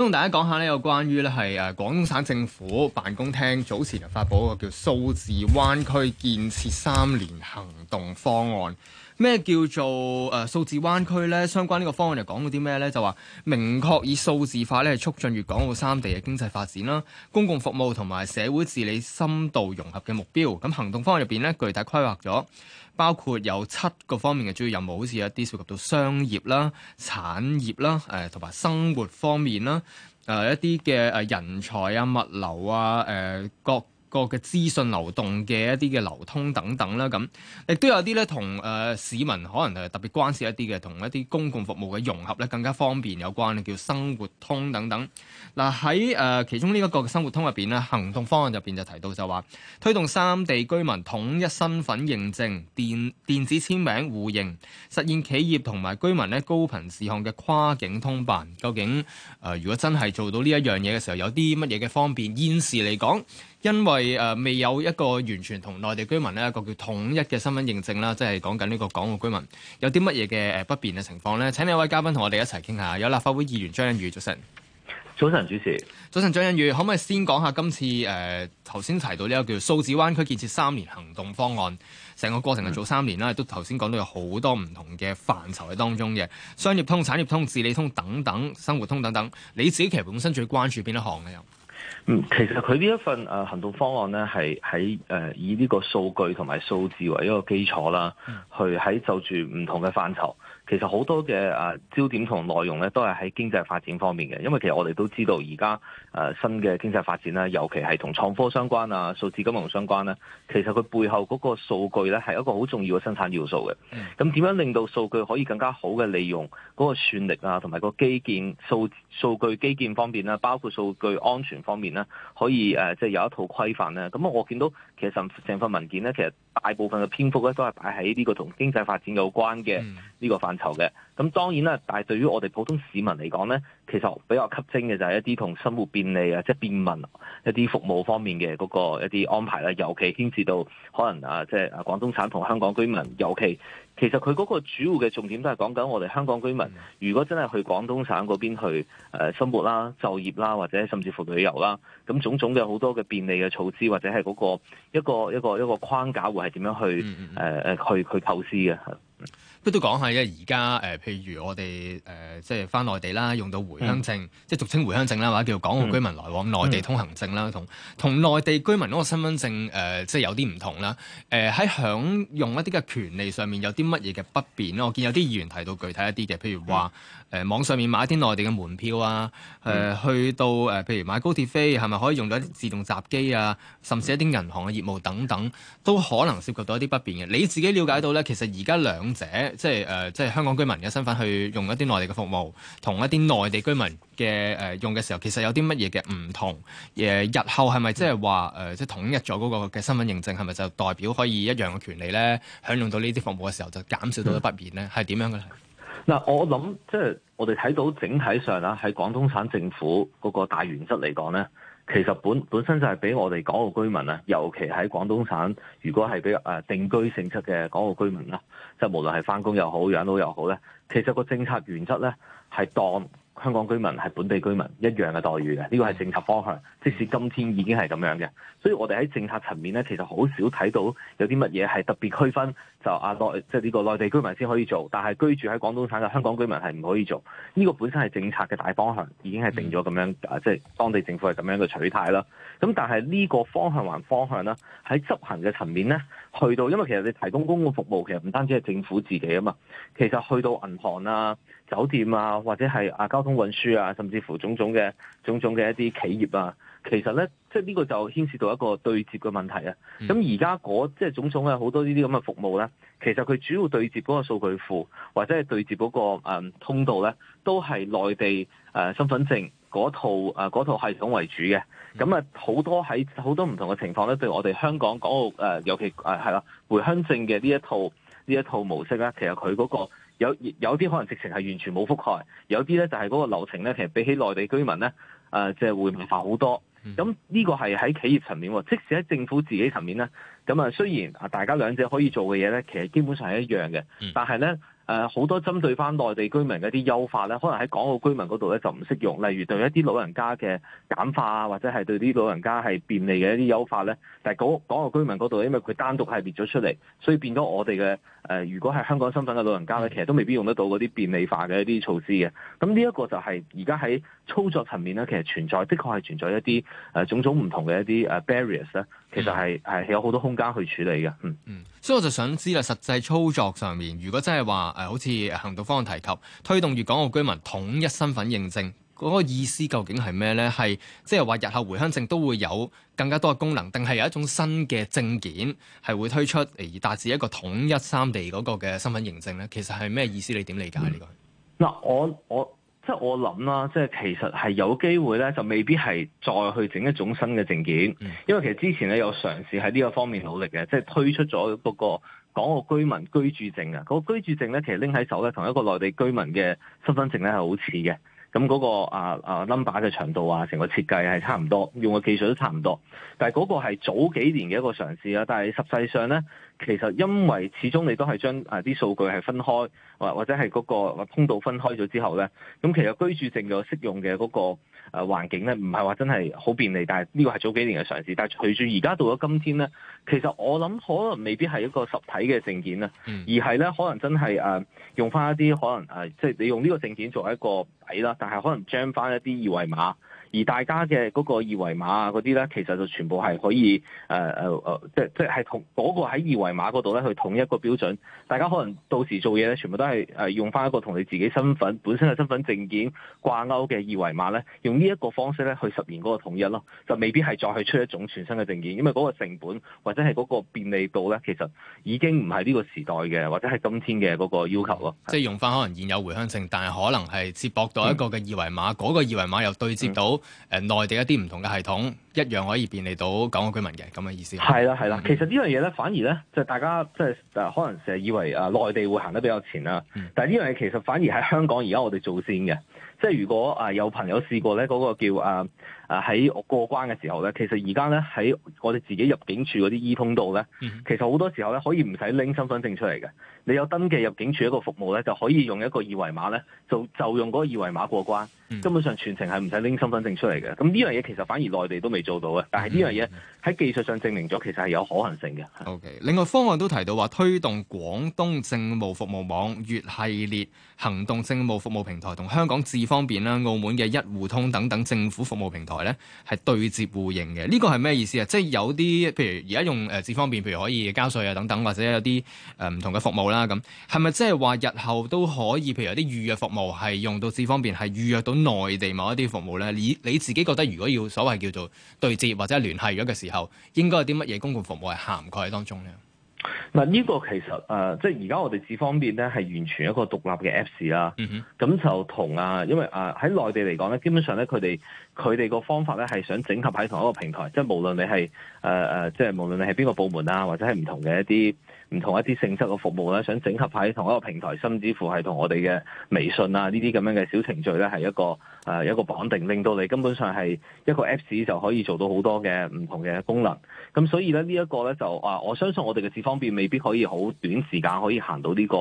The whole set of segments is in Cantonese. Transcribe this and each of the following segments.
同大家講下咧，有關於咧係誒廣東省政府辦公廳早前就發布一個叫數字灣區建設三年行動方案。咩叫做誒、呃、數字灣區咧？相關呢個方案就講過啲咩咧？就話明確以數字化咧，促進粵港澳三地嘅經濟發展啦、公共服務同埋社會治理深度融合嘅目標。咁行動方案入邊咧，具體規劃咗包括有七個方面嘅主要任務，好似一啲涉及到商業啦、產業啦、誒同埋生活方面啦、誒、呃、一啲嘅誒人才啊、物流啊、誒、呃、各個嘅資訊流動嘅一啲嘅流通等等啦，咁亦都有啲咧同誒市民可能係特別關涉一啲嘅，同一啲公共服務嘅融合咧更加方便有關嘅叫生活通等等。嗱喺誒其中呢一個嘅生活通入邊咧，行動方案入邊就提到就話推動三地居民統一身份認證、電電子簽名互認，實現企業同埋居民咧高頻事項嘅跨境通辦。究竟誒、呃、如果真係做到呢一樣嘢嘅時候，有啲乜嘢嘅方便？現時嚟講。因為誒、呃、未有一個完全同內地居民咧一個叫統一嘅身份認證啦，即係講緊呢個港澳居民有啲乜嘢嘅誒不便嘅情況呢？請呢位嘉賓同我哋一齊傾下。有立法會議員張欣宇，出席。早晨。早晨，主持。早晨，張欣宇，可唔可以先講下今次誒頭先提到呢個叫數字灣區建設三年行動方案，成個過程係早三年啦，嗯、都頭先講到有好多唔同嘅範疇喺當中嘅商業通、產業通、治理通等等、生活通等等。你自己其實本身最關注邊一行嘅？嗯，其實佢呢一份誒行動方案咧，係喺誒以呢個數據同埋數字為一個基礎啦，去喺就住唔同嘅範疇，其實好多嘅誒焦點同內容呢，都係喺經濟發展方面嘅。因為其實我哋都知道而家誒新嘅經濟發展啦，尤其係同創科相關啊、數字金融相關呢，其實佢背後嗰個數據呢，係一個好重要嘅生產要素嘅。咁點樣令到數據可以更加好嘅利用嗰個算力啊，同埋個基建數數據基建方面咧，包括數據安全方面。方面咧，可以誒，即、呃、係、就是、有一套規範咧。咁啊，我見到其實成成份文件咧，其實大部分嘅篇幅咧，都係擺喺呢個同經濟發展有關嘅呢個範疇嘅。咁當然啦，但係對於我哋普通市民嚟講咧，其實比較吸睛嘅就係一啲同生活便利啊，即、就、係、是、便民一啲服務方面嘅嗰個一啲安排啦。尤其牽涉到可能啊，即、就、係、是、廣東省同香港居民，尤其。其實佢嗰個主要嘅重點都係講緊我哋香港居民，如果真係去廣東省嗰邊去誒、呃、生活啦、就業啦，或者甚至乎旅遊啦，咁種種嘅好多嘅便利嘅措施，或者係嗰個一個一個一個框架，會係點樣去誒誒、呃、去去構思嘅係。不都講下咧，而家、呃、譬如我哋返、呃、即係翻內地啦，用到回鄉證，mm. 即係俗稱回鄉證啦，或者叫做港澳居民來往內、mm. 地通行證啦，同同內地居民嗰個身份證、呃、即係有啲唔同啦。喺、呃、享用一啲嘅權利上面，有啲乜嘢嘅不便？我見有啲議員提到具體一啲嘅，譬如話誒、mm. 呃、網上面買一啲內地嘅門票啊、呃，去到、呃、譬如買高鐵飛，係咪可以用到一啲自動閘機啊？甚至一啲銀行嘅業務等等，都可能涉及到一啲不便嘅。你自己了解到咧，其實而家兩者。即係誒、呃，即係香港居民嘅身份去用一啲內地嘅服務，同一啲內地居民嘅誒、呃、用嘅時候，其實有啲乜嘢嘅唔同？誒日後係咪即係話誒，即係統一咗嗰個嘅身份認證，係咪就代表可以一樣嘅權利咧？享用到呢啲服務嘅時候，就減少到咗不便咧？係點樣嘅咧？嗱，我諗即係我哋睇到整體上啦，喺廣東省政府嗰個大原則嚟講咧。其實本本身就係俾我哋港澳居民啊，尤其喺廣東省，如果係比較誒定居性質嘅港澳居民啦，即係無論係翻工又好，養老又好咧，其實個政策原則咧係當香港居民係本地居民一樣嘅待遇嘅，呢個係政策方向。即使今天已經係咁樣嘅，所以我哋喺政策層面咧，其實好少睇到有啲乜嘢係特別區分，就啊內即係呢個內地居民先可以做，但係居住喺廣東省嘅香港居民係唔可以做。呢個本身係政策嘅大方向，已經係定咗咁樣啊，即係當地政府係咁樣嘅取態啦。咁但係呢個方向還方向啦，喺執行嘅層面咧，去到因為其實你提供公共服務，其實唔單止係政府自己啊嘛，其實去到銀行啊、酒店啊，或者係啊交通。運輸啊，甚至乎種種嘅種種嘅一啲企業啊，其實咧，即係呢個就牽涉到一個對接嘅問題啊。咁而家嗰即係種種嘅好多呢啲咁嘅服務咧，其實佢主要對接嗰個數據庫或者係對接嗰個誒通道咧，都係內地誒身份證嗰套誒嗰套系統為主嘅。咁啊，好多喺好多唔同嘅情況咧，對我哋香港港澳誒，尤其誒係啦，回鄉證嘅呢一套呢一套模式咧，其實佢嗰個。有有啲可能直情係完全冇覆蓋，有啲咧就係嗰個流程咧，其實比起內地居民咧，誒即係會麻煩好多。咁呢個係喺企業層面喎，即使喺政府自己層面咧，咁啊雖然啊大家兩者可以做嘅嘢咧，其實基本上係一樣嘅，但係咧。誒好多針對翻內地居民嘅一啲優化咧，可能喺港澳居民嗰度咧就唔適用。例如對一啲老人家嘅簡化啊，或者係對啲老人家係便利嘅一啲優化咧，但係港港澳居民嗰度，因為佢單獨係列咗出嚟，所以變咗我哋嘅誒，如果係香港身份嘅老人家咧，其實都未必用得到嗰啲便利化嘅一啲措施嘅。咁呢一個就係而家喺操作層面咧，其實存在，的確係存在一啲誒、呃、種種唔同嘅一啲 barriers 咧。其實係係有好多空間去處理嘅，嗯嗯，所以我就想知啦，實際操作上面，如果真係話誒，好似行動方案提及推動粵港澳居民統一身份認證，嗰個意思究竟係咩呢？係即係話日後回鄉證都會有更加多嘅功能，定係有一種新嘅證件係會推出嚟達至一個統一三地嗰個嘅身份認證呢？其實係咩意思？你點理解呢個？嗱、嗯，我我。即係我諗啦，即係其實係有機會咧，就未必係再去整一種新嘅證件，因為其實之前咧有嘗試喺呢個方面努力嘅，即係推出咗嗰個港澳居民居住證嘅，嗰個居住證咧其實拎喺手咧，同一個內地居民嘅身份證咧係好似嘅，咁嗰個啊啊 number 嘅長度啊，成個設計係差唔多，用嘅技術都差唔多，但係嗰個係早幾年嘅一個嘗試啊。但係實際上咧。其實因為始終你都係將啊啲數據係分開，或或者係嗰個通道分開咗之後咧，咁其實居住證有適用嘅嗰、那個誒、啊、環境咧，唔係話真係好便利，但係呢個係早幾年嘅嘗試。但係隨住而家到咗今天咧，其實我諗可能未必係一個實體嘅證件啦，嗯、而係咧可能真係誒、啊、用翻一啲可能誒，即、啊、係、就是、你用呢個證件做一個底啦，但係可能將翻一啲二維碼。而大家嘅嗰個二維碼啊，嗰啲咧，其實就全部係可以誒誒誒即係即係同嗰個喺二維碼嗰度咧，去統一一個標準，大家可能到時做嘢咧，全部都係誒用翻一個同你自己身份本身嘅身份證件掛鈎嘅二維碼咧，用呢一個方式咧去實現嗰個統一咯。就未必係再去出一種全新嘅證件，因為嗰個成本或者係嗰個便利度咧，其實已經唔係呢個時代嘅或者係今天嘅嗰個要求咯。即係用翻可能現有回鄉證，但係可能係接駁到一個嘅二維碼，嗰個二維碼又對接到。嗯誒，內地一啲唔同嘅系統。一樣可以便利到港澳居民嘅咁嘅意思。係啦係啦，嗯、其實呢樣嘢咧，反而咧，就大家即係可能成日以為誒內地會行得比較前啦、嗯、但呢樣嘢其實反而喺香港而家我哋做先嘅。即係如果啊有朋友試過咧，嗰、嗰個叫誒誒喺過關嘅時候咧，其實而家咧喺我哋自己入境處嗰啲 E 通道咧，嗯、其實好多時候咧可以唔使拎身份證出嚟嘅。你有登記入境處一個服務咧，就可以用一個二維碼咧，就就用嗰個二維碼過關，根、嗯、本上全程係唔使拎身份證出嚟嘅。咁呢樣嘢其實反而內地都未做到嘅，但係呢樣嘢喺技術上證明咗，其實係有可行性嘅。O、okay, K，另外方案都提到話，推動廣東政務服務網粵系列行動政務服務平台同香港智方便啦、澳門嘅一戶通等等政府服務平台咧，係對接互認嘅。呢、這個係咩意思啊？即係有啲譬如而家用誒智方便，譬如可以交稅啊等等，或者有啲誒唔同嘅服務啦咁，係咪即係話日後都可以譬如有啲預約服務係用到智方便，係預約到內地某一啲服務咧？你你自己覺得如果要所謂叫做？對接或者聯繫咗嘅時候，應該有啲乜嘢公共服務係涵蓋喺當中呢？嗱呢個其實誒、呃、即係而家我哋智方便咧，係完全一個獨立嘅 Apps 啦。咁就同啊，因為啊喺、呃、內地嚟講咧，基本上咧佢哋佢哋個方法咧係想整合喺同一個平台，即係無論你係誒誒即係無論你係邊個部門啊，或者係唔同嘅一啲唔同一啲性質嘅服務咧，想整合喺同一個平台，甚至乎係同我哋嘅微信啊呢啲咁樣嘅小程序咧係一個誒、呃、一個綁定，令到你根本上係一個 Apps 就可以做到好多嘅唔同嘅功能。咁所以咧呢一、這個咧就啊、呃，我相信我哋嘅智方便。未必可以好短時間可以行到呢、呢個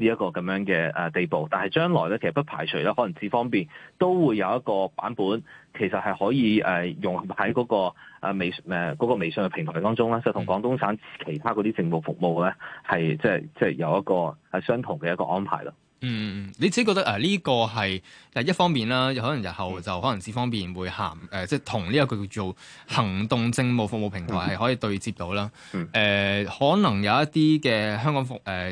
呢一、呢個咁樣嘅誒地步，但係將來咧，其實不排除咧，可能至方便都會有一個版本，其實係可以誒、呃、用喺嗰、嗰個呃嗰個微誒嗰微信嘅平台當中啦。就同廣東省其他嗰啲政務服務咧係即係即係有一個係相同嘅一個安排咯。嗯，你自己覺得誒呢、呃這個係誒一方面啦，可能日後就可能此方面會含誒、呃，即係同呢一個叫做行動政務服務平台係可以對接到啦。誒、嗯呃，可能有一啲嘅香港服誒預、呃、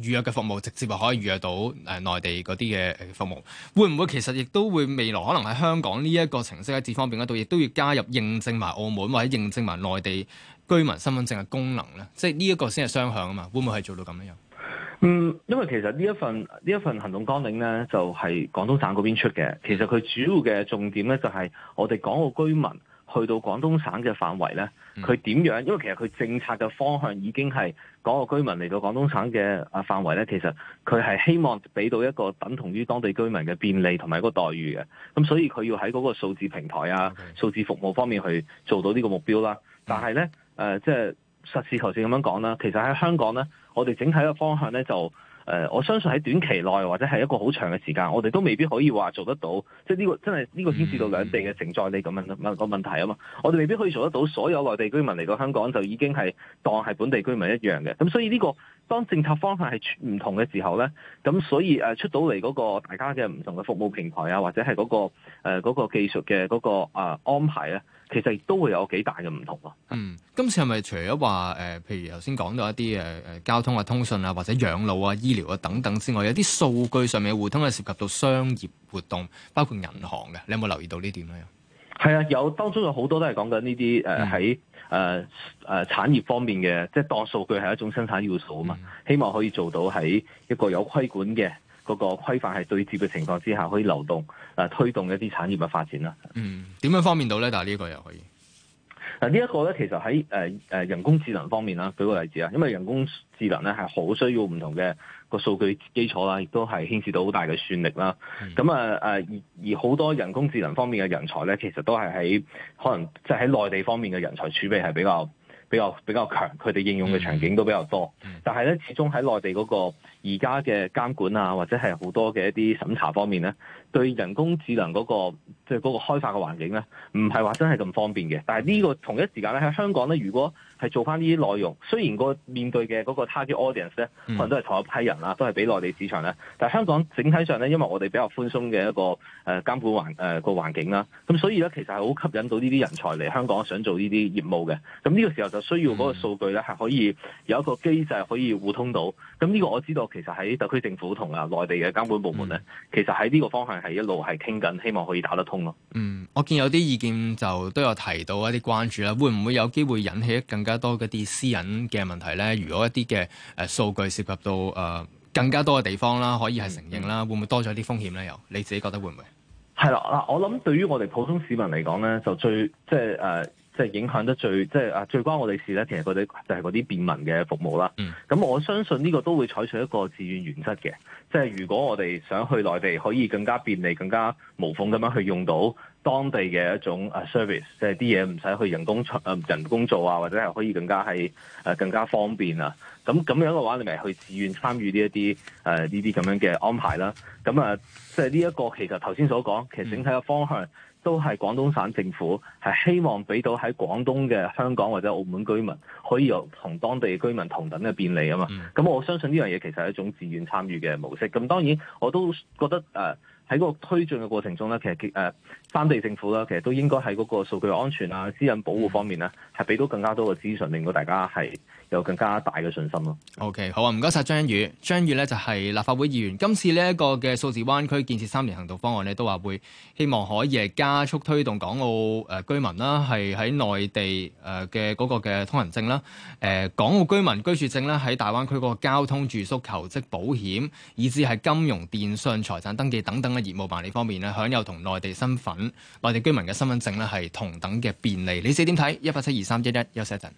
約嘅服務，直接係可以預約到誒內、呃、地嗰啲嘅服務。會唔會其實亦都會未來可能喺香港呢一個程式喺此方面嗰度，亦都要加入認證埋澳門或者認證埋內地居民身份證嘅功能咧？即係呢一個先係雙向啊嘛，會唔會係做到咁樣？嗯，因為其實呢一份呢一份行動綱領咧，就係、是、廣東省嗰邊出嘅。其實，佢主要嘅重點咧，就係我哋港澳居民去到廣東省嘅範圍咧，佢點樣？因為其實，佢政策嘅方向已經係港澳居民嚟到廣東省嘅啊範圍咧，其實，佢係希望俾到一個等同於當地居民嘅便利同埋一個待遇嘅。咁、嗯、所以佢要喺嗰個數字平台啊、數 Okay. 字服務方面去做到呢個目標啦。但係咧，誒、呃，即係實事求是咁樣講啦，其實喺香港咧。我哋整體嘅方向咧，就誒、呃，我相信喺短期內或者係一個好長嘅時間，我哋都未必可以話做得到。即係、這、呢個真係呢個牽涉到兩地嘅承載力咁樣個問題啊嘛。我哋未必可以做得到，所有內地居民嚟到香港就已經係當係本地居民一樣嘅。咁所以呢、這個當政策方向係唔同嘅時候咧，咁所以誒、呃、出到嚟嗰個大家嘅唔同嘅服務平台啊，或者係嗰、那個誒嗰、呃那個、技術嘅嗰個、呃、安排咧、啊。其實亦都會有幾大嘅唔同咯。嗯，今次係咪除咗話誒，譬如頭先講到一啲誒誒交通啊、通訊啊，或者養老啊、醫療啊等等之外，有啲數據上面嘅互通係涉及到商業活動，包括銀行嘅，你有冇留意到這點呢點咧？係啊，有當中有好多都係講緊呢啲誒喺誒誒產業方面嘅，即係當數據係一種生產要素啊嘛，希望、嗯、可以做到喺一個有規管嘅。嗰個規範係對接嘅情況之下，可以流動啊，推動一啲產業嘅發展啦。嗯，點樣方便到咧？但係呢個又可以嗱，啊，這個、呢一個咧，其實喺誒誒人工智能方面啦，舉個例子啊，因為人工智能咧係好需要唔同嘅個數據基礎啦，亦都係牽涉到好大嘅算力啦。咁、嗯、啊誒而而好多人工智能方面嘅人才咧，其實都係喺可能即係喺內地方面嘅人才儲備係比，比較。比較比較強，佢哋應用嘅場景都比較多，但係咧，始終喺內地嗰個而家嘅監管啊，或者係好多嘅一啲審查方面咧。對人工智能嗰、那個即係嗰個開發嘅環境咧，唔係話真係咁方便嘅。但係呢個同一時間咧，喺香港咧，如果係做返呢啲內容，雖然個面對嘅嗰個 target audience 咧，可能都係同一批人啦，都係俾內地市場咧。但係香港整體上咧，因為我哋比較寬鬆嘅一個誒、呃、監管環誒個環境啦，咁所以咧，其實係好吸引到呢啲人才嚟香港想做呢啲業務嘅。咁呢個時候就需要嗰個數據咧，係可以有一個機制可以互通到。咁呢個我知道其實喺特區政府同埋內地嘅監管部門咧，其實喺呢個方向。係一路係傾緊，希望可以打得通咯。嗯，我見有啲意見就都有提到一啲關注啦，會唔會有機會引起更加多嘅啲私隱嘅問題呢？如果一啲嘅誒數據涉及到、呃、更加多嘅地方啦，可以係承認啦，嗯嗯、會唔會多咗啲風險呢？又你自己覺得會唔會？係啦，嗱，我諗對於我哋普通市民嚟講呢，就最即係誒。呃即係影響得最，即係啊，最關我哋事咧，其實啲就係嗰啲便民嘅服務啦。咁、嗯、我相信呢個都會採取一個自願原則嘅。即係如果我哋想去內地，可以更加便利、更加無縫咁樣去用到當地嘅一種啊 service，即係啲嘢唔使去人工人工做啊，或者係可以更加係誒更加方便啊。咁咁樣嘅話，你咪去自願參與呢一啲誒呢啲咁樣嘅安排啦。咁啊，即係呢一個其實頭先所講，其實整體嘅方向。都係廣東省政府係希望俾到喺廣東嘅香港或者澳門居民可以有同當地嘅居民同等嘅便利啊嘛，咁我相信呢樣嘢其實係一種自願參與嘅模式。咁當然我都覺得誒喺、呃、個推進嘅過程中咧，其實誒、呃、三地政府咧，其實都應該喺嗰個數據安全啊、私隱保護方面咧，係俾到更加多嘅資訊，令到大家係有更加大嘅信心咯。O.K. 好啊，唔該曬張欣宇。張欣宇呢就係立法會議員，今次呢一個嘅數字灣區建設三年行動方案呢都話會希望可以係加速推動港澳居民啦，係喺內地誒嘅嗰個嘅通行證啦、誒、呃、港澳居民居住證啦，喺大灣區嗰個交通、住宿、求職保險，以至係金融、電信、財產登記等等嘅業務辦理方面呢享有同內地身份、內地居民嘅身份證呢係同等嘅便利。你四點睇？一八七二三一一，休息一陣。